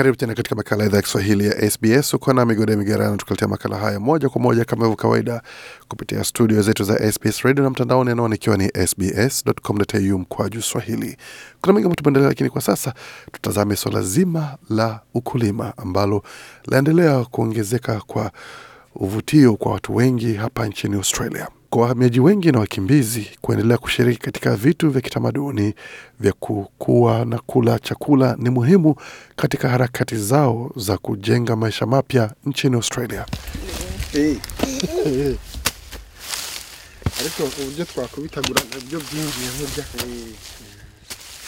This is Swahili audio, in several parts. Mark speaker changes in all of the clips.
Speaker 1: Karibu tena katika makala idhaa ya Kiswahili ya SBS. Uko na Migode Migerano tukaletea makala haya moja kwa moja kama hivyo kawaida kupitia studio zetu za SBS Radio na mtandaoni anaoni ikiwa ni sbs.com.au mkwaju swahili. Kuna mengi ambayo tumeendelea, lakini kwa sasa tutazame swala zima la ukulima ambalo laendelea kuongezeka kwa uvutio kwa watu wengi hapa nchini Australia kwa wahamiaji wengi na wakimbizi kuendelea kushiriki katika vitu vya kitamaduni vya kukua na kula chakula ni muhimu katika harakati zao za kujenga maisha mapya nchini Australia.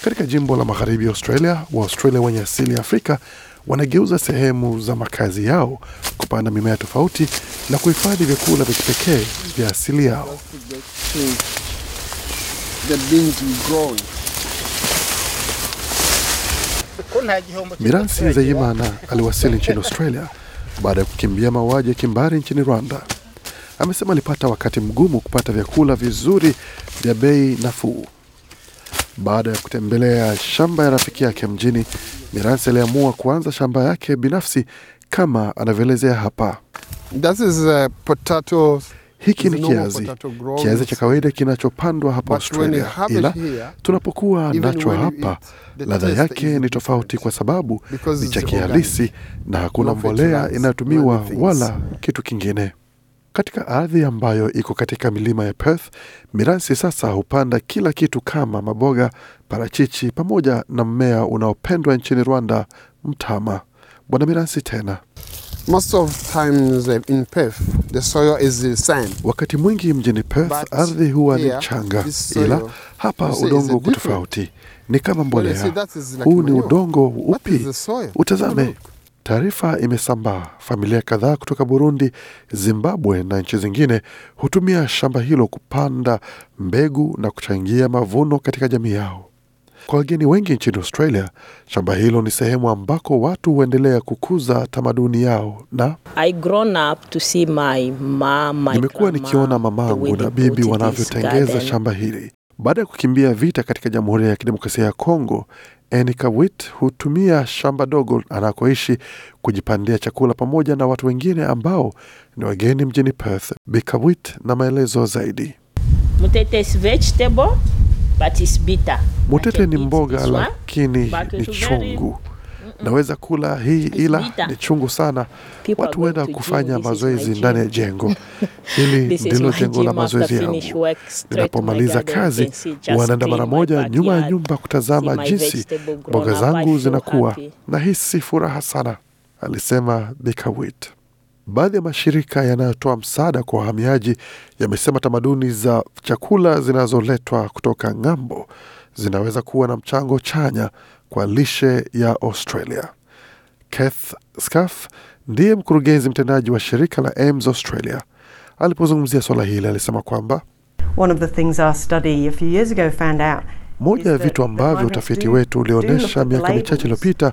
Speaker 1: Katika jimbo la magharibi Australia, Waaustralia wenye asili ya Afrika wanageuza sehemu za makazi yao kupanda mimea tofauti na kuhifadhi vyakula vya kipekee vya asili yao. Miransi Nzeyimana aliwasili nchini Australia baada ya kukimbia mauaji ya kimbari nchini Rwanda. Amesema alipata wakati mgumu kupata vyakula vizuri vya bei nafuu. Baada ya kutembelea shamba ya rafiki yake mjini, Mirance aliamua kuanza shamba yake binafsi kama anavyoelezea hapa. is, Hiki ni kiazi, kiazi cha kawaida kinachopandwa hapa Australia, ila tunapokuwa nacho hapa, ladha yake ni tofauti kwa sababu ni cha kihalisi na hakuna mbolea inayotumiwa wala kitu kingine. Katika ardhi ambayo iko katika milima ya Perth, Miransi sasa hupanda kila kitu kama maboga, parachichi pamoja na mmea unaopendwa nchini Rwanda, mtama. Bwana Miransi tena Most of times in Perth, the soil is sand. Wakati mwingi mjini Perth ardhi huwa ni changa ila hapa udongo uko tofauti, ni kama mbolea. Huu ni udongo upi? Utazame. Taarifa imesambaa, familia kadhaa kutoka Burundi, Zimbabwe na nchi zingine hutumia shamba hilo kupanda mbegu na kuchangia mavuno katika jamii yao. Kwa wageni wengi nchini Australia, shamba hilo ni sehemu ambako watu huendelea kukuza tamaduni yao. na nimekuwa nikiona mamangu na bibi wanavyotengeza shamba hili, baada ya kukimbia vita katika Jamhuri ya Kidemokrasia ya Kongo, Anne hutumia shamba dogo anakoishi kujipandia chakula pamoja na watu wengine ambao ni wageni mjini Perth. bikawit na maelezo zaidi. Mutete ni mboga lakini ni chungu naweza kula hii, ila ni chungu sana. Watu huenda kufanya mazoezi ndani ya jengo hili. Ndilo jengo la mazoezi yangu. Ninapomaliza kazi, wanaenda mara moja nyuma ya nyumba kutazama jinsi mboga zangu zinakuwa, na hisi furaha sana, alisema Bikawit. Baadhi ya mashirika yanayotoa msaada kwa wahamiaji yamesema tamaduni za chakula zinazoletwa kutoka ng'ambo zinaweza kuwa na mchango chanya kwa lishe ya Australia. Keith Scaff ndiye mkurugenzi mtendaji wa shirika la AMS Australia. Alipozungumzia swala hili, alisema kwamba moja ya vitu ambavyo utafiti wetu ulionyesha miaka michache iliyopita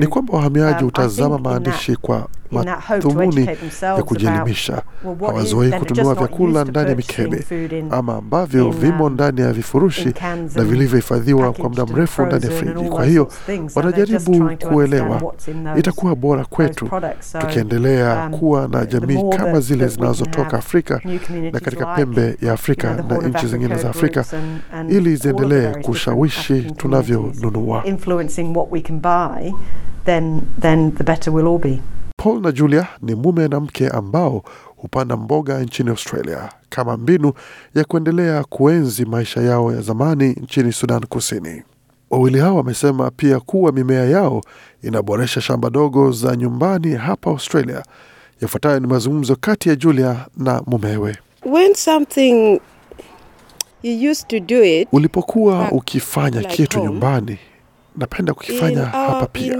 Speaker 1: ni kwamba wahamiaji hutazama maandishi kwa matumuni ya kujielimisha. Hawazoei kutunua vyakula ndani ya mikebe ama ambavyo vimo um, ndani ya vifurushi na vilivyohifadhiwa kwa muda mrefu ndani ya friji. Kwa hiyo wanajaribu kuelewa, itakuwa bora kwetu tukiendelea um, kuwa na jamii kama zile zinazotoka Afrika na katika pembe ya Afrika na nchi zingine za Afrika ili ziendelee kushawishi tunavyonunua. Paul na Julia ni mume na mke ambao hupanda mboga nchini Australia kama mbinu ya kuendelea kuenzi maisha yao ya zamani nchini Sudan Kusini. Wawili hao wamesema pia kuwa mimea yao inaboresha shamba dogo za nyumbani hapa Australia. Yafuatayo ni mazungumzo kati ya Julia na mumewe. When something you used to do it, ulipokuwa ukifanya like kitu home, nyumbani napenda kukifanya in, uh, hapa pia.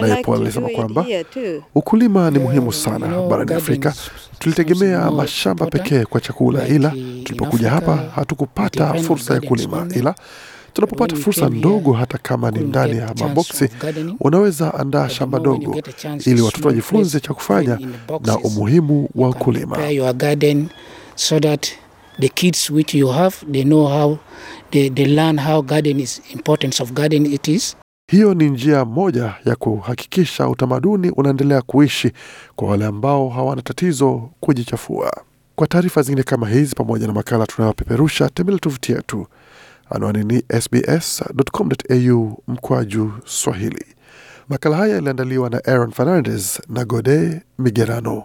Speaker 1: Nayepo alisema kwamba ukulima ni muhimu sana no, barani Afrika tulitegemea mashamba pekee kwa chakula, ila tulipokuja hapa hatukupata fursa ya kulima, ila tunapopata fursa ndogo, hata kama ni ndani ya maboksi, unaweza andaa shamba dogo ili watoto wajifunze cha kufanya na umuhimu wa ukulima they, they learn how garden is importance of garden it is. Hiyo ni njia moja ya kuhakikisha utamaduni unaendelea kuishi kwa wale ambao hawana tatizo kujichafua. Kwa taarifa zingine kama hizi pamoja na makala tunayopeperusha, tembele tovuti yetu anwani ni sbs.com.au mkwaju Swahili. Makala haya yaliandaliwa na Aaron Fernandez na Gode Migerano.